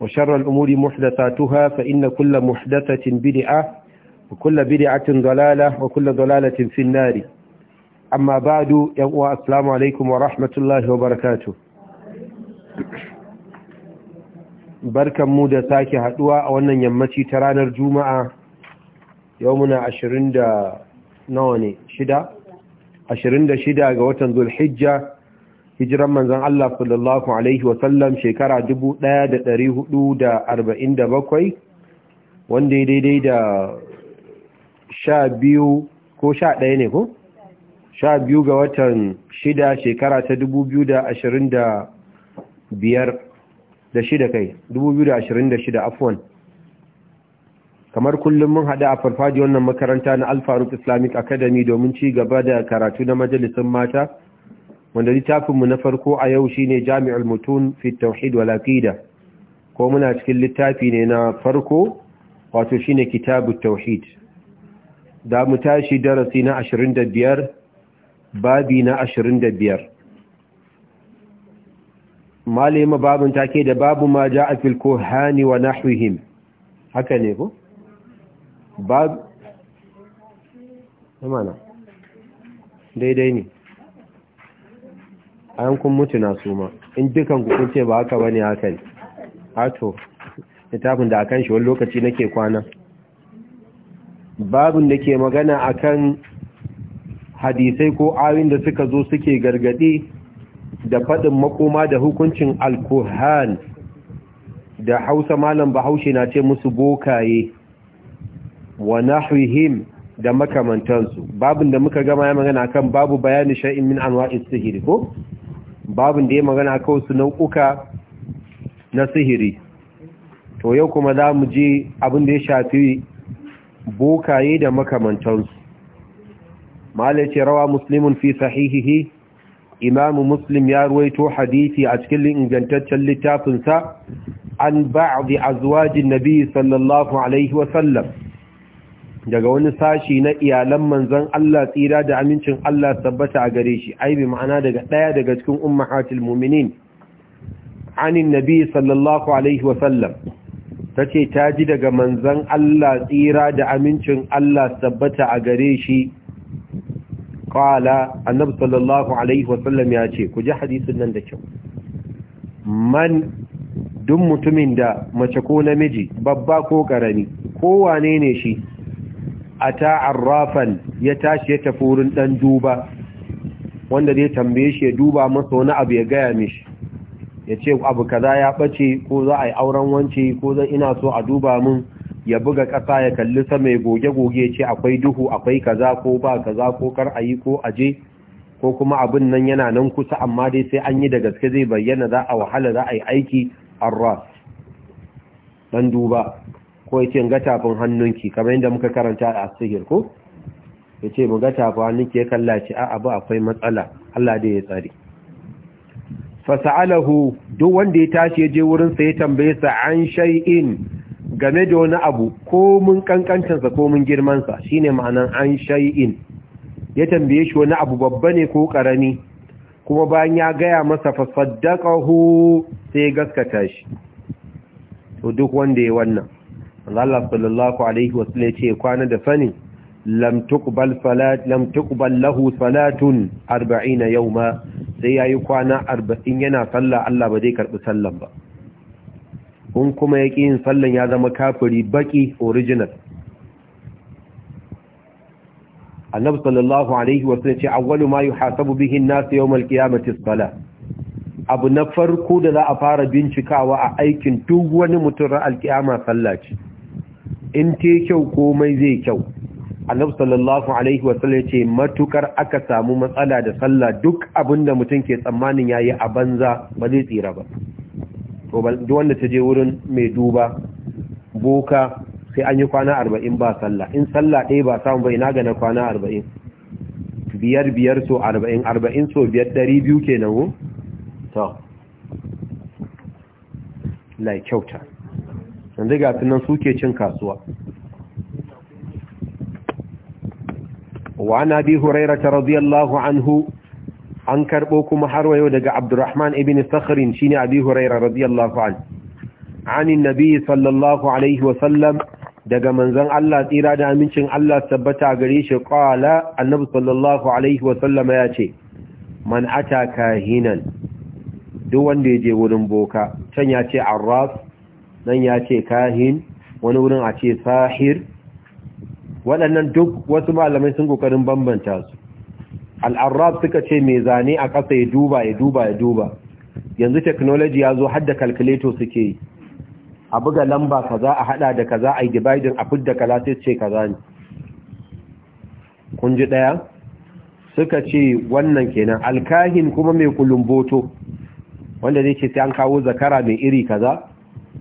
وشر الأمور محدثاتها فإن كل محدثة بدعة وكل بدعة ضلالة وكل ضلالة في النار أما بعد يقوى السلام عليكم ورحمة الله وبركاته barkan mu da sake haduwa a wannan yammaci ta ranar juma'a yaumuna 20 da nawa ne shida 26 ga watan zulhijja hijiran manzon Allah sallallahu alaihi wasallam shekara 1447 wanda daidai da sha biyu ko sha ɗaya ne ko? sha biyu ga watan shida shekara ta dubu biyu da ashirin da biyar da shida kai dubu biyu da ashirin da shida afuwan kamar kullum mun haɗu a farfajiyar wannan makaranta na alfaruk islamic academy domin ci gaba da karatu na majalisun mata wanda littafinmu na farko a yau shine ne jami'ar mutum tauhid wal ko muna cikin littafi ne na farko wato shi ne kitabu tauhid da mu tashi darasi na 25 babi na 25 malima babin take da babu ma ja'a fil kuhani wa nahwihim haka ne ko bab daidai ne a kun mutu na suma in dukan ku kun ce ba haka bane haka ne ato littafin da akan shi wani lokaci nake kwana babin da ke magana akan hadisai ko ayoyin da suka zo suke gargadi da faɗin makoma da hukuncin alkohol da hausa malam bahaushe na ce musu bokaye wa nahwihim da makamantansu babin da muka gama ya magana kan babu bayani sha'in min anwa'is sihiri ko babin da ya magana kawai wasu nau'uka na sihiri to yau kuma za mu je abin da ya shafi bokaye da makamantansu malace rawa muslimun fi sahihihi imamu muslim ya ruwaito hadisi a cikin ingantaccen littafinsa an ba'di azuwajin nabi sallallahu alaihi wasallam daga wani sashi na iyalan manzon Allah tsira da amincin Allah tabbata a gare shi ai ma'ana daga daga cikin ummahatul mu'minin anin nabi sallallahu alaihi wa sallam tace ta ji daga manzan Allah tsira da amincin Allah tabbata a gare shi qala annabi sallallahu alaihi wa sallam ya ce ku ji hadisin nan da kyau man duk mutumin da mace ko namiji babba ko karami kowane ne shi ata arrafan ya tashi ya tafi wurin dan duba wanda zai tambaye shi ya duba masa wani abu ya gaya mishi ya ce abu kaza ya bace ko za a yi auren wance ko zan ina so a duba mun ya buga kasa ya kalli sama ya goge-goge ce akwai duhu akwai kaza ko ba kaza ko kar a yi ko aje ko kuma abin nan yana nan kusa amma dai sai an yi da gaske zai bayyana za a wahala za a yi aiki arras dan duba ko ya ce ga tafin hannunki kamar yadda muka karanta a sihir ko ya ce mu ga tafin hannunki ya kallaci a abu akwai matsala Allah dai ya tsare fasa'alahu duk wanda ya tashi ya je wurin sa ya tambaye sa an shay'in game da wani abu ko mun kankancin sa ko mun girman sa shine ma'anan an shay'in ya tambaye shi wani abu babba ne ko karami kuma bayan ya gaya masa fasaddaqahu sai ya gaskata shi to duk wanda ya wannan Allah sallallahu alaihi wasallam yace kwana da sani lam tuqbal salat lam tuqbal lahu salatun 40 yawma sai yayi kwana 40 yana sallah Allah ba zai karbi sallan ba kun kuma yaki yin sallan ya zama kafiri baki original annabi sallallahu alaihi wasallam ce awwalu ma yuhasabu bihi an-nas yawm al-qiyamati as-salah abu na farko da za a fara bincikawa a aikin duk wani mutum ran alkiyama sallah ce in te kyau komai zai kyau annabi sallallahu alaihi wasallam yace matukar aka samu matsala da sallah duk abinda mutum ke tsammanin yayi a banza ba zai tsira ba to duk wanda ta je wurin mai duba boka sai an yi kwana arba'in ba sallah in sallah ɗaya ba samu ba ina gana kwana arba'in biyar biyar so arba'in arba'in so biyar dari biyu ke nan to lai kyauta yanzu ga sunan suke cin kasuwa wa na bi hurairata radiyallahu anhu an karbo kuma har wayo daga abdurrahman ibn sakhrin shine abi hurairah radiyallahu An anin nabi sallallahu alaihi wa sallam daga manzon Allah tsira da amincin Allah tabbata gare shi qala annabi sallallahu alaihi wa sallama yace man ata kahinan duk wanda yaje wurin boka can yace arraf nan ya ce kahin wani wurin a ce sahir waɗannan duk wasu malamai sun kokarin bambanta su al'arab suka ce mai zane a ƙasa ya duba ya duba ya duba yanzu technology ya zo hadda calculator suke yi a buga lamba kaza a hada da kaza a dividing a fudda kaza sai ce kaza ne kun ji daya suka ce wannan kenan alkahin kuma mai kulumboto wanda zai ce sai an kawo zakara mai iri kaza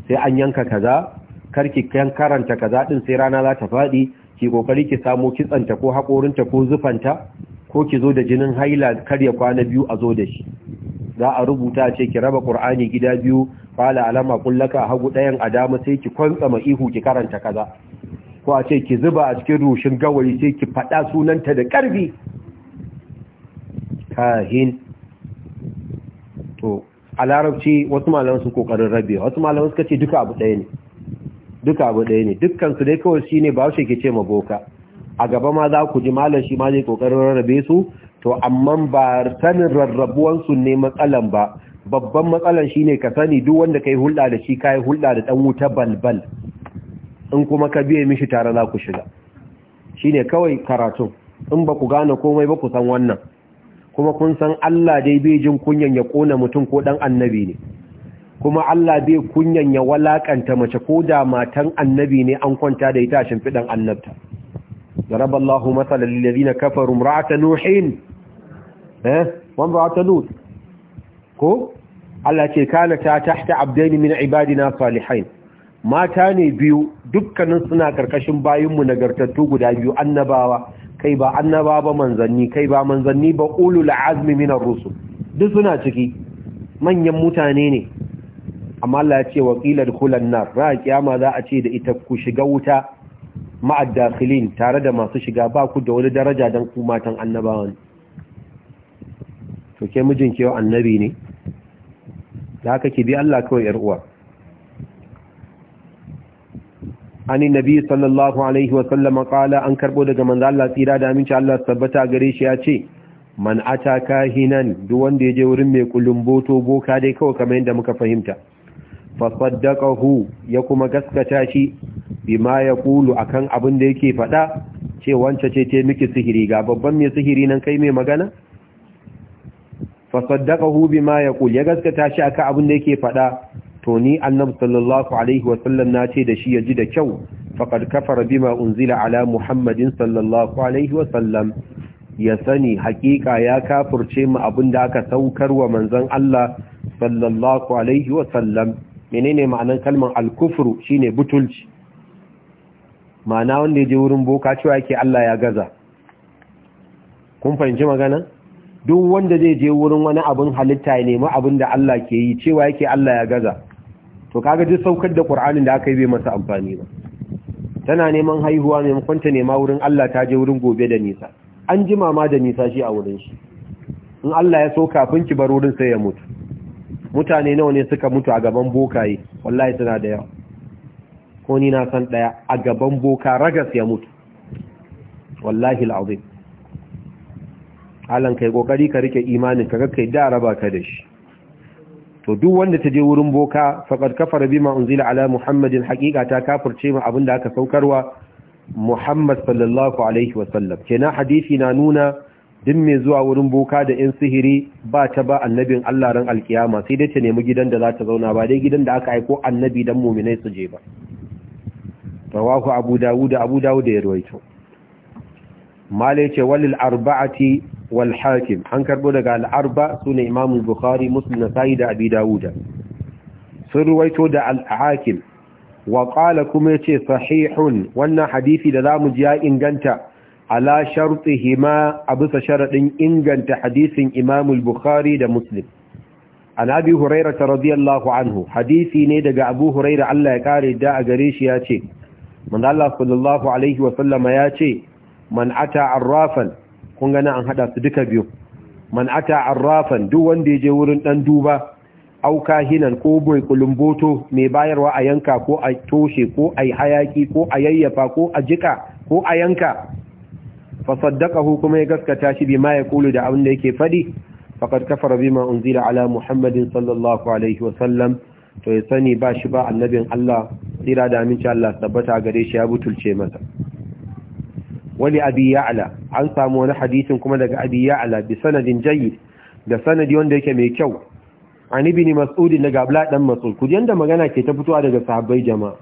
sai an yanka kaza karki kan karanta kaza din sai rana za ta fadi ki kokari ki samu kitsanta ko hakorinta ko zufanta ko ki zo da jinin haila karya kwana biyu a zo da shi za a rubuta ce ki raba qur'ani gida biyu fala alama kullaka hagu dayan dama sai ki kwantsama ihu ki karanta kaza ko a ce ki zuba a cikin rushin gawayi sai ki faɗa sunanta da karfi kahin to a larabci wasu malaman su kokarin rabewa wasu malaman suka ce duka abu ɗaya ne duka abu ɗaya ne dukkan su dai kawai shine ba shi ke ce ma boka a gaba ma za ku ji malam shi ma zai kokarin rarrabe su to amma ba sanin rarrabuwan su ne matsalan ba babban matsalan shine ka sani duk wanda kai hulɗa da shi kai hulɗa da dan wuta balbal in kuma ka biye mishi tare za ku shiga shine kawai karatun in ba ku gane komai ba ku san wannan kuma kun san Allah dai bai jin kunyan ya kona mutum ko dan annabi ne kuma Allah bai kunyan ya walakanta mace ko da matan annabi ne an kwanta da ita shimfidan annabta daraballahu masalan lil ladina kafaru imra'atan nuhin eh wan imra'atan lut ko Allah ce kana ta tahta abdaini min ibadina salihain mata ne biyu dukkanin suna karkashin bayinmu nagartattu guda biyu annabawa kai ba annaba ba manzanni kai ba manzanni ba ulul azmi minar rusul duk suna ciki manyan mutane ne amma Allah ya ce wa qila dukhulan nar ra kiyama za a ce da ita ku shiga wuta ma'addakhilin tare da masu shiga ba ku da wani daraja dan ku matan annabawan to ke mijin ke annabi ne da haka ki bi Allah kawai yar uwa annin nabi sallallahu alaihi wa sallama kala an karɓo daga manzo Allah tsira da aminci Allah tabbata gare shi ya ce man ataka hinan duk wanda ya je wurin mai kullun boto boka dai kawai kamar yadda muka fahimta fa saddaqahu ya kuma gaskata shi bima yaqulu akan abin da yake fada ce wance ce ce miki sihiri ga babban mai sihiri nan kai mai magana fa saddaqahu bima yaqul ya gaskata shi akan abin da yake faɗa. to ni annabi sallallahu alaihi wa sallam na ce da shi ya ji da kyau faqad kafara bima unzila ala muhammadin sallallahu alaihi wa sallam ya sani hakika ya kafurce mu abinda aka saukar wa manzon Allah sallallahu alaihi wa sallam menene ma'anar kalmar al-kufru shine butulci ma'ana wanda ya je wurin boka cewa yake Allah ya gaza kun fahimci magana duk wanda zai je wurin wani abin halitta ya nemi abin da Allah ke yi cewa yake Allah ya gaza to kaga duk saukar da qur'anin da aka yi bai masa amfani ba tana neman haihuwa maimakon ta nema wurin Allah ta je wurin gobe da nisa an ji mama da nisa shi a wurin shi in Allah ya so kafin ki bar wurin sai ya mutu mutane nawa ne suka mutu a gaban bokaye wallahi suna da yawa ko ni na san daya a gaban boka ragas ya mutu wallahi al'azim alan kai kokari ka rike imanin ka kai da raba ka da shi to duk wanda ta je wurin boka faqad kafara bima unzila ala muhammadin haqiqa ta kafirce mu abinda aka saukarwa muhammad sallallahu alaihi wasallam kenan hadisi na nuna din mai zuwa wurin boka da in sihiri ba ta ba annabin Allah ran alkiyama sai dai ta nemi gidan da za ta zauna ba dai gidan da aka aiko annabi dan mu'minai su je ba rawahu abu dawud abu dawud ya rawaito mala ce walil arba'ati wal hakim an karbo daga al'arba su ne imamun muslim na da abi dawuda sun ruwaito da al'hakim wa kuma ya ce sahihun wannan hadisi da za mu ji ya inganta ala sharɗi hima a bisa sharaɗin inganta hadisin imamul bukari da muslim an abi huraira ta radiyallahu anhu hadisi ne daga abu huraira allah ya kare da a gare shi ya ce manzo allah sallallahu alaihi ya ce man ata arrafan kun gani an hada su duka biyu man ata arrafan duk wanda ya je wurin dan duba au kahinan ko boy kulumboto mai bayarwa a yanka ko a toshe ko a hayaki ko a yayyafa ko a jika ko a yanka fa saddaqahu kuma ya gaskata shi bima ya kulu da abin da yake fadi faqad kafara bima unzila ala muhammadin sallallahu alaihi wa sallam to ya sani ba shi ba annabin Allah tsira da aminci Allah tabbata gare shi ya butulce masa wani abi ya'la an samu wani hadisin kuma daga abi ya'la bi sanadin jayyid da sanadi wanda yake mai kyau an ibn mas'ud daga abla dan mas'ud ku yanda magana ke ta fitowa daga sahabbai jama'a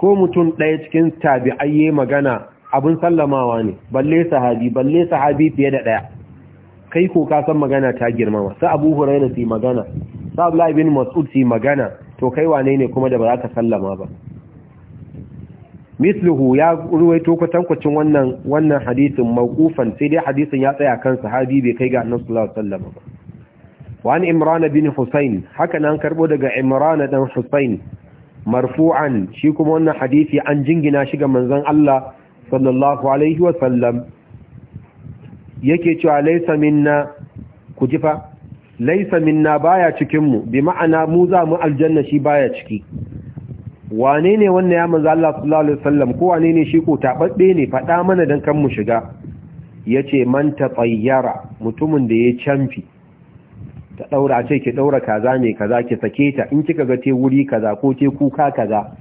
ko mutum ɗaya cikin tabi'ai magana abin sallamawa ne balle sahabi balle sahabi fiye da ɗaya kai ko ka san magana ta girmama sa abu hurairah su magana sa abla ibn mas'ud su magana to kai wane ne kuma da ba za ka sallama ba misluhu ya ruwaito kwatankwacin wannan wannan hadisin mawqufan sai dai hadisin ya tsaya kansa sahabi bai kai ga annabi sallallahu alaihi wasallam ba wa imran bin husayn haka nan karbo daga imran dan husayn marfu'an shi kuma wannan hadisi an jingina shi ga manzon Allah sallallahu alaihi wasallam yake cewa laysa minna kujifa laysa minna baya cikin mu bi ma'ana mu za mu aljanna shi baya ciki wane ne wannan ya manzo Allah sallallahu alaihi wasallam ko wane ne shi ko tabadde ne faɗa mana dan kan mu shiga yace man tsayyara mutumin da ya canfi ta daura ce ki daura kaza ne kaza ki sake ta in kika ga te wuri kaza ko te kuka kaza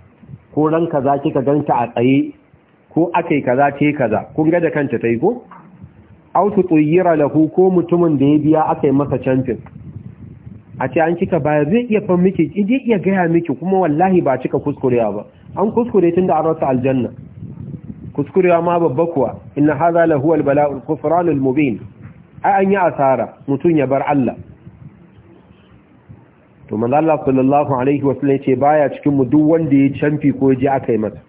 ko ran kaza kika ganta a tsaye ko akai kaza te kaza kun ga da kanta tai ko tu tuyira lahu ko mutumin da ya biya akai masa canfin a ce an kika baya zai iya fan miki idai iya gaya miki kuma wallahi ba cika kuskurewa ba an kuskure tun da an rasa aljanna kuskurewa ma babba kuwa inna haza la albala'ul mubin ai an yi asara mutum ya bar Allah to manzo Allah sallallahu alaihi wasallam ce baya cikin mu duk wanda ya canfi ko ya je akai masa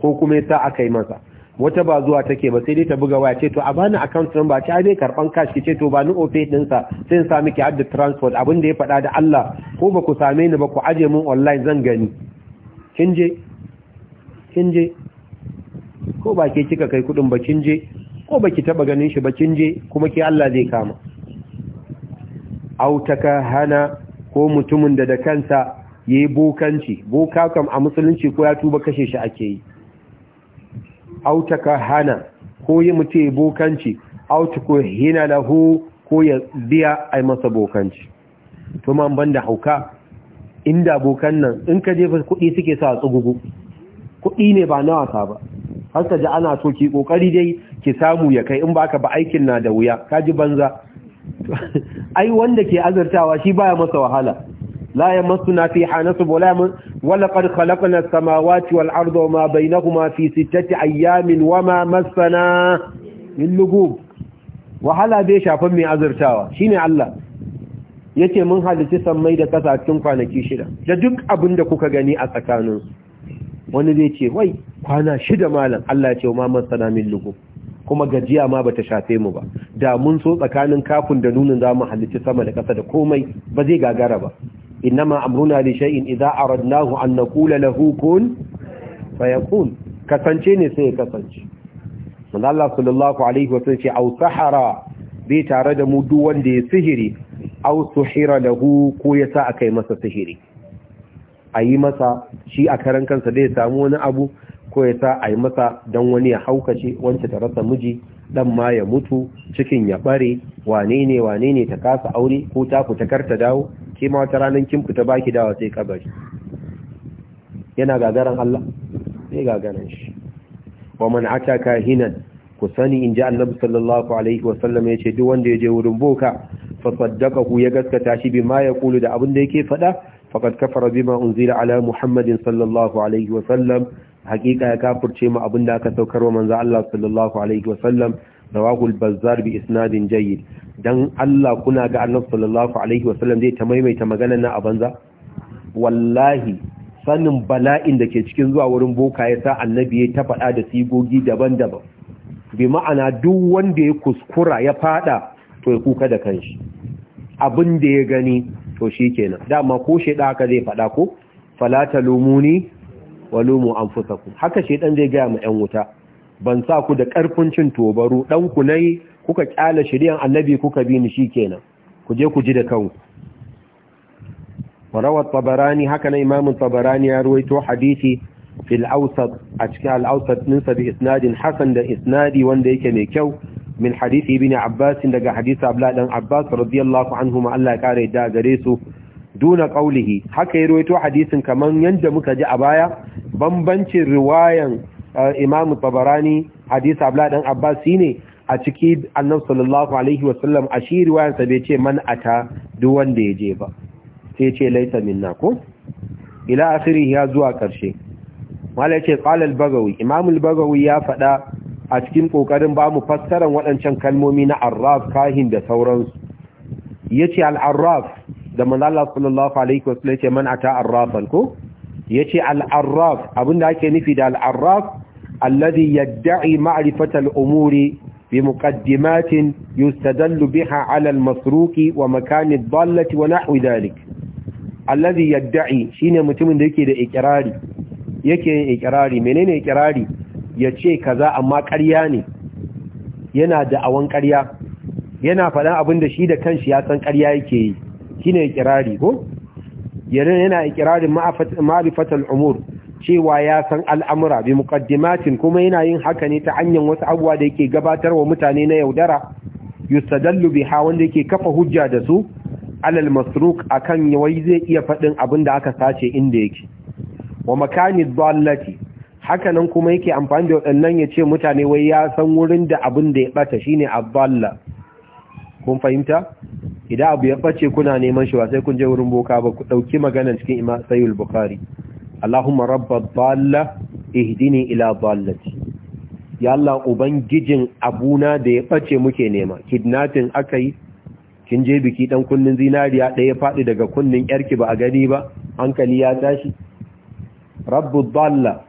ko kuma ya sa akai masa wata ba zuwa take ba sai dai ta buga waya ce to a bani account number ta dai karban cash ce to ba ni ofe din sa sai in sa miki add transfer abin da ya faɗa da Allah ko ba ku same ni ba ku aje mun online zan gani kin je kin je ko ba ke kika kai kudin ba kin je ko ba ki taba ganin shi ba kin je kuma ke Allah zai kama autaka hana ko mutumin da da kansa yayi bokanci boka kam a musulunci ko ya tuba kashe shi ake yi autaka hana ko yi mutu ya bokanci autuko hina lahu ko ya biya a masa bokanci to ban da hauka inda bokan nan in ka jefa kuɗi suke sa tsugugu kuɗi ne ba na wasa ba har ta ji ana so ki kokari dai ki samu ya kai in baka ba aikin na da wuya ka ji banza ai wanda ke azurtawa shi baya masa wahala لا يمسنا فيها نصب ولا ولقد خلقنا السماوات والأرض وما بينهما في ستة أيام وما مسنا من لقوب wahala bai shafin mai azurtawa shine Allah yace mun halitta sammai da kasa cikin kwanaki shida da duk abin da kuka gani a wani zai ce wai kwana shida malam Allah ya ce ma masana min lugu kuma gajiya ma bata shafe mu ba da mun so tsakanin kafin da nunin za mu halitta sama da kasa da komai ba zai gagara ba innama amruna li shay'in idza aradnahu an naqula lahu kun fayakun kasance ne sai ya kasance manzo Allah sallallahu ce au sahara bi tare da mudu wanda ya sihiri au suhira lahu ko ya sa akai masa sihiri ayi masa shi a karan kansa zai samu wani abu ko yasa a yi masa dan wani ya haukace wanda ta rasa miji dan ma ya mutu cikin ya bare wane wanene ta kasa aure ko ta fita kar ta dawo ke ma wata ranar kin fita baki dawa sai kabari yana gagaran Allah sai gagaran shi wa man ataka hinan ku sani in ji annabi sallallahu alaihi wa sallam yace duk wanda ya je wurin boka fa saddaqahu ya gaskata shi bima ya kulu da abin da yake fada faqad kafara bima unzila ala muhammadin sallallahu alaihi wa sallam haqiqa ya kafirce mu abin da aka wa manzo Allah sallallahu alaihi wa sallam rawahul bazar bi isnadin jayyid dan Allah kuna ga annabi sallallahu alaihi wasallam zai ta maimaita maganar na a banza wallahi sanin bala'in da ke cikin zuwa wurin boka ya sa annabi ya ta faɗa da sigogi daban-daban bi ma'ana duk wanda ya kuskura ya faɗa to ya kuka da kanshi abin da ya gani to shi kenan dama ko shaiɗa haka zai faɗa ko falata lumuni wa lumu an haka shaiɗan zai gaya ma 'yan wuta ban sa ku da ƙarfin cin tobaru ɗan ku nai kuka ƙyala shirya annabi kuka bi ni shi kenan ku je ku ji da kanku warawar tabarani haka na imamun tabarani ya ruwaito hadisi fil ausat a cikin al'ausat ninsa bi isnadin Hassan da isnadi wanda yake mai kyau min hadisi bin ne da daga hadisi abla dan abbas radiyallahu anhu ma Allah ya kare da gare su duna ƙaulihi. haka ya ruwaito hadisin kamar yadda muka ji a baya bambancin riwayan imam tabarani hadisi abla dan abbas shine a ciki annabi sallallahu alaihi wasallam a shi riwayar sa bai ce man ata duk wanda ya ba sai ce laita minna ko ila akhirih ya zuwa karshe mala yace qala al-bagawi imam al-bagawi ya fada a cikin kokarin ba mu fassaran waɗancan kalmomi na arraf kahin da sauransu yace al-arraf da manzo Allah sallallahu alaihi wasallam yace man ata arrafan ko yace al-arraf abinda ake nufi da al-arraf alladhi yad'i ma'rifata al-umuri bi muƙaddimatin yustadallu biha 'ala al-masruqi wa makan ad-dallati wa nahwi dhalik alladhi yad'i shine mutumin da yake da ikrari yake menene kaza amma ƙarya ne yana da awan ƙarya yana faɗan abin da shi da kanshi ya san ƙarya yake yi shine ikrari ko yana ikirarin ma'rifatul umur cewa ya san al'amura bi muƙaddimatin kuma yana yin haka ne ta hanyar wasu abuwa da yake gabatar wa mutane na yaudara Yusta yustadallu biha wanda yake kafa hujja da su alal masruk akan yawai zai iya faɗin abin da aka sace inda yake wa makani dhallati haka nan kuma yake amfani da waɗannan ya ce mutane wai ya san wurin da abin da ya ɓata shine Abballa. kun fahimta idan abu ya ɓace kuna neman shi ba sai kun je wurin boka ba ku ɗauki maganan cikin ima sayul bukari Allahumma rabba dhalla ihdini ila ballati. ya Allah ubangijin abuna da ya bace muke nema kidnapping akayi. kin je biki ɗan kunnin zinariya ɗaya faɗi daga kunnin yarki ba a gani ba hankali ya tashi rabbu dhalla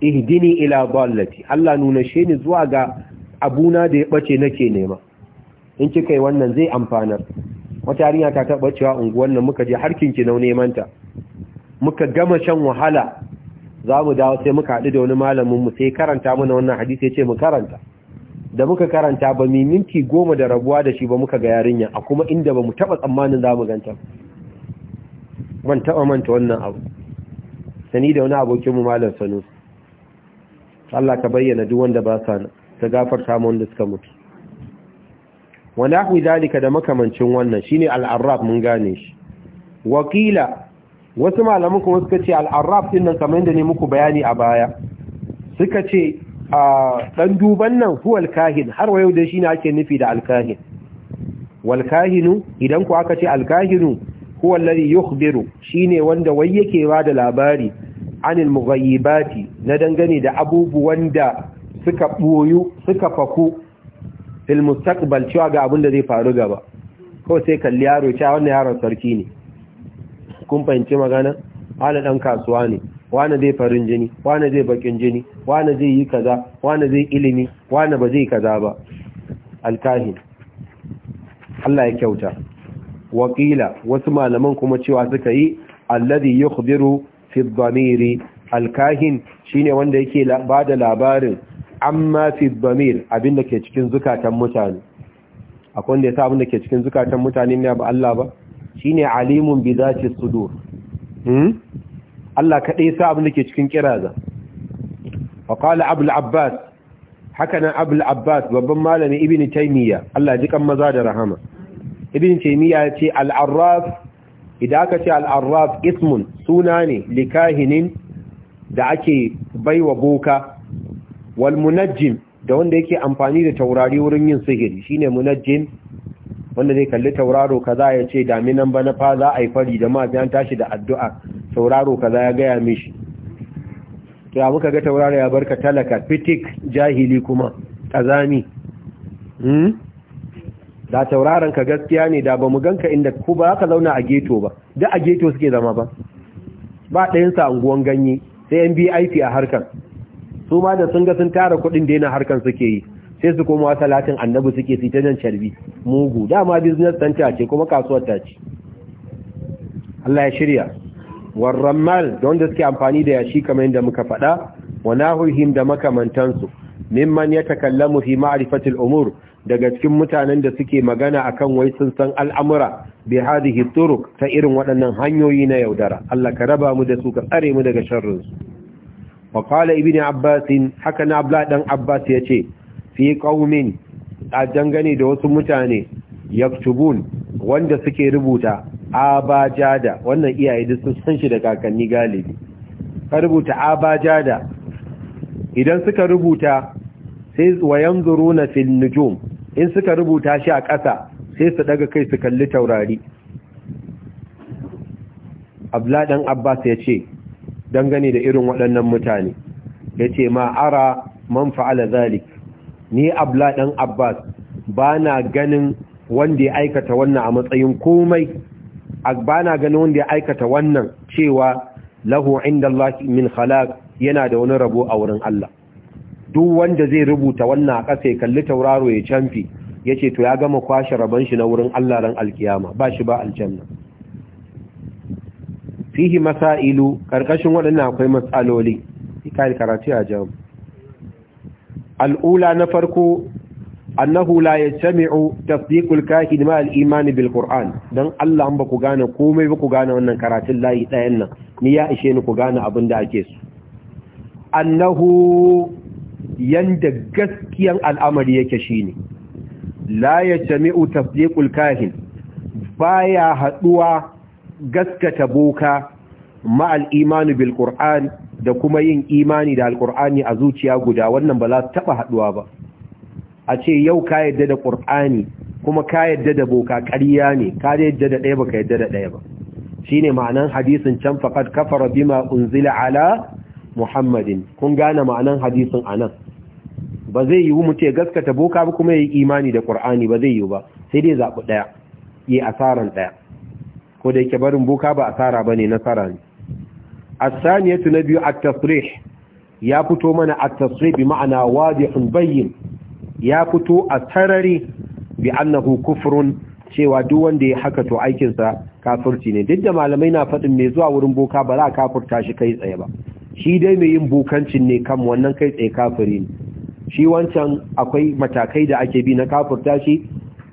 ihdini ila dhallati Allah nuna sheni ni zuwa ga abuna da ya bace nake nema in kika yi wannan zai amfanar wata yarinya ta taɓa cewa unguwan nan muka je harkin ki nau neman ta muka gama shan wahala za mu dawo sai muka haɗu da wani malaminmu sai karanta mana wannan hadisi ya ce mu karanta da muka karanta ba mi minti goma da rabuwa da shi ba muka ga yarinya a kuma inda ba mu taɓa tsammanin za mu ganta ban taɓa manta wannan abu sani da wani abokinmu malam sanu Allah ka bayyana duk wanda ba sa ta gafarta mu wanda suka mutu wa nahwi zalika da makamancin wannan shine al-arraf mun gane shi wakila wasu malaman kuma suka ce al'arraf din nan kamar yadda ne muku bayani a baya suka ce a dan duban nan hu alkahin har wayo da shi ne ake nufi da alkahin walkahinu idan ku aka ce alkahinu huwa alladhi yukhbiru shine wanda wai yake ba da labari anil mughayyibati na dangane da abubuwan da suka boyu suka faku fil mustaqbal cewa ga abin da zai faru gaba ko sai kalli yaro cewa wannan yaron sarki ne kun fahimci magana wane ɗan kasuwa ne wane zai farin jini wane zai bakin jini wane zai yi kaza wane zai ilimi wane ba zai kaza ba alkahin Allah ya kyauta wakila wasu malaman kuma cewa suka yi alladhi yukhbiru fi dhamiri alkahin shine wanda yake bada labarin amma fi dhamir abinda ke cikin zukatan mutane akwai wanda ya sa abinda ke cikin zukatan mutane ne ba Allah ba shine alimun bi zati sudur hmm? Allah kadai sa abin da ke cikin kiraza wa qala abul abbas haka nan abul abbas babban malami ibn taymiya Allah ji kan maza da rahama ibn taymiya ya ce al-arraf idan aka ce al-arraf ismun suna ne likahinin da ake baiwa boka wal munajjim da wanda yake amfani da taurari wurin yin sihiri shine munajjim wanda zai kalli tauraro kaza ya ce daminan bana fa za a yi fari da mafi an tashi da addu'a tauraro kaza ya gaya mishi to muka ga tauraro ya barka talaka fitik jahili kuma kazami hmm? da tauraron ka gaskiya ne da ba mu ganka inda ku ba ka zauna a geto ba da a geto suke zama ba ba ɗayansa unguwan ganye sai yan aiki a harkan su ma da sun ga sun tara kuɗin daina harkan suke yi sai su koma salatin annabi suke su ta jan carbi mugu dama business ɗan ce kuma kasuwar ta ce Allah ya shirya warran mal da suke amfani da yashi kamar yadda muka faɗa wa nahuhim da makamantansu mimman ya takallamu fi ma'rifatil umur daga cikin mutanen da suke magana akan wai sun san al'amura bi hadhihi turuq ta irin waɗannan hanyoyi na yaudara Allah ka raba mu da su ka tsare mu daga sharrin su wa qala ibnu abbas haka na abla dan abbas yace fi qaumin a dangane da wasu mutane yaktubun wanda suke rubuta abajada wannan iyaye duk sun san shi da kakanni galibi ka rubuta abajada idan suka rubuta sai wayanzuruna fil nujum in suka rubuta shi a ƙasa sai su daga kai su kalli taurari abladan abbas ya ce dangane da irin waɗannan mutane ya ce ma ara man fa'ala zalik ni abla dan abbas ba na ganin wanda ya aikata wannan a matsayin komai ba na ganin wanda ya aikata wannan cewa lahu inda Allah min khalaq yana da wani rabo a wurin Allah duk wanda zai rubuta wannan a ƙasa ya kalli tauraro ya canfi ya ce to ya gama kwashe rabon shi na wurin Allah ran alkiyama ba shi ba aljanna fihi masailu karkashin waɗannan akwai matsaloli ikai karatu a jami'a al'ula na farko annahu la yajtami'u tasdiqul kahin ma al-iman bil Allah an ba ku gane komai ba ku gane wannan karatun layi ɗayan nan ni ya ishe ni ku gane abin da ake so annahu yanda gaskiyan al'amari yake ne. la yajtami'u tasdiqul kahin baya haduwa gaskata boka ma al-iman bil da kuma yin imani da alkur'ani a zuciya guda wannan ba za su taba haduwa ba a ce yau ka yadda da qur'ani kuma ka yadda da boka ƙarya ne ka yadda da ɗaya ba ka yadda da ɗaya ba shine ma'anan hadisin can faqad kafara bima unzila ala muhammadin kun gane ma'anan hadisin anan ba zai yiwu mu ce gaskata boka ba kuma yayi imani da qur'ani ba zai yiwu ba sai dai zaɓi ɗaya yi asaran ɗaya ko da yake barin boka ba asara ba ne nasara ne as-saniyatu na biyu at-tasrih ya fito mana at-tasrih bi ma'ana wadihun bayyin ya fito a tarari bi annahu kufrun cewa duk wanda ya haka to aikinsa kafirci ne duk da malamai na faɗin mai zuwa wurin boka ba za a kafirta shi kai tsaye ba shi dai mai yin bokancin ne kan wannan kai tsaye kafiri ne shi wancan akwai matakai da ake bi na kafirta shi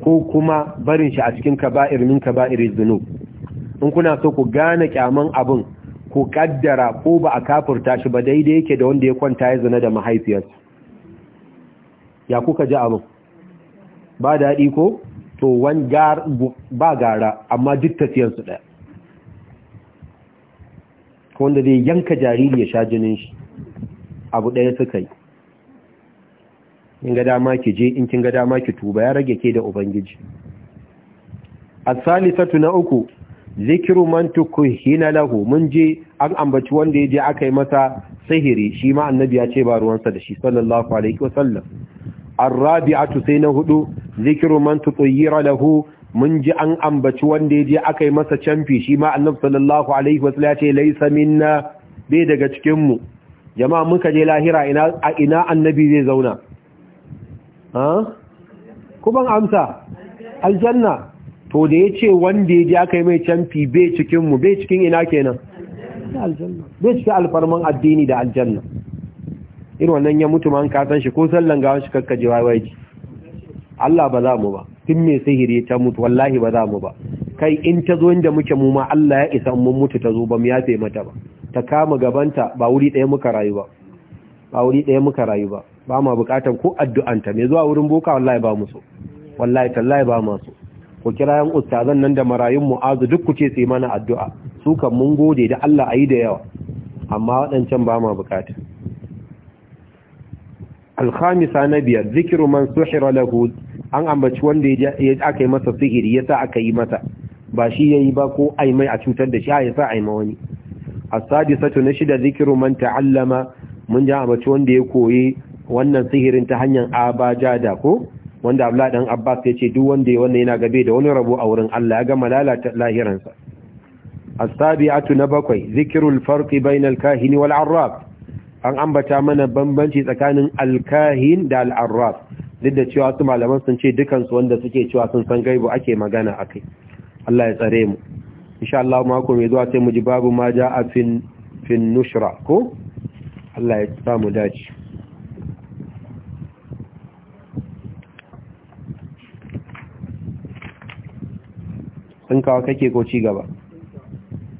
ko kuma barin shi a cikin kaba'ir min kaba'ir zunub in kuna so ku gane kyaman abin ku kaddara ko ba a kafurta shi ba daidai yake da wanda ya kwanta ya zina da mahaifiyarsa ya kuka ji abin ba daɗi ko to wan ba gara amma duk tafiyarsu ɗaya wanda zai yanka jariri ya sha jinin shi abu ɗaya suka yi in ga dama ki je in kin ga dama ki tuba ya rage ke da ubangiji A salisatu na uku zikiru man tukuhina lahu mun je an ambaci wanda ya je aka yi masa sihiri shi ma annabi ya ce ba ruwansa da shi sallallahu alaihi wasallam arrabi'atu sai na hudu zikiru man tutuyyira lahu mun ji an ambaci wanda ya je aka yi masa canfi shi ma annabi sallallahu alaihi wasallam ya ce laysa minna bai daga cikin mu jama'a muka je lahira ina ina annabi zai zauna ha kuma amsa aljanna to da ya ce wanda ya ji aka yi mai canfi bai cikinmu bai cikin ina kenan bai cikin alfarman addini da aljanna irin wannan ya mutu man kasan shi ko sallan gawa shi kakka kakkaje wawaji Allah ba za mu ba tun mai sihiri ta mutu wallahi ba za mu ba kai in ta zo inda muke mu ma Allah ya isa mun mutu ta zo ba mu yafe mata ba ta kama gabanta ba wuri ɗaya muka rayu ba ba wuri ɗaya muka rayu ba ba ma bukatan ko addu'anta mai zuwa wurin boka wallahi ba mu so wallahi tallahi ba mu so ku kira yan ustazan nan da marayun mu'azu duk ku ce sai mana addu'a su kan mun gode da Allah ayi da yawa amma waɗancan ba ma bukata alkhamisa na biyar zikru man suhira lahu an ambaci wanda ya aka yi masa sihiri sa aka yi masa ba shi yayi ba ko ai mai a cutar da shi a yasa ai ma wani as-sadisatu na shida zikiru man ta'allama mun ja ambaci wanda ya koyi wannan sihirin ta hanyar abajada ko wanda abla dan Abbas ya ce duk wanda ya wannan yana gabe da wani rabo a wurin Allah ya gama lalata lahiransa as-sabi'atu na bakwai zikrul farqi bainal kahini wal arraf an ambata mana bambanci tsakanin al-kahin da al-arraf duk da cewa su malaman sun ce dukan su wanda suke cewa sun san gaibu ake magana akai Allah ya tsare mu insha Allah mako mai zuwa sai mu ji babu ma ja'a fin fin nushra ko Allah ya samu dace kawo kake ko ci gaba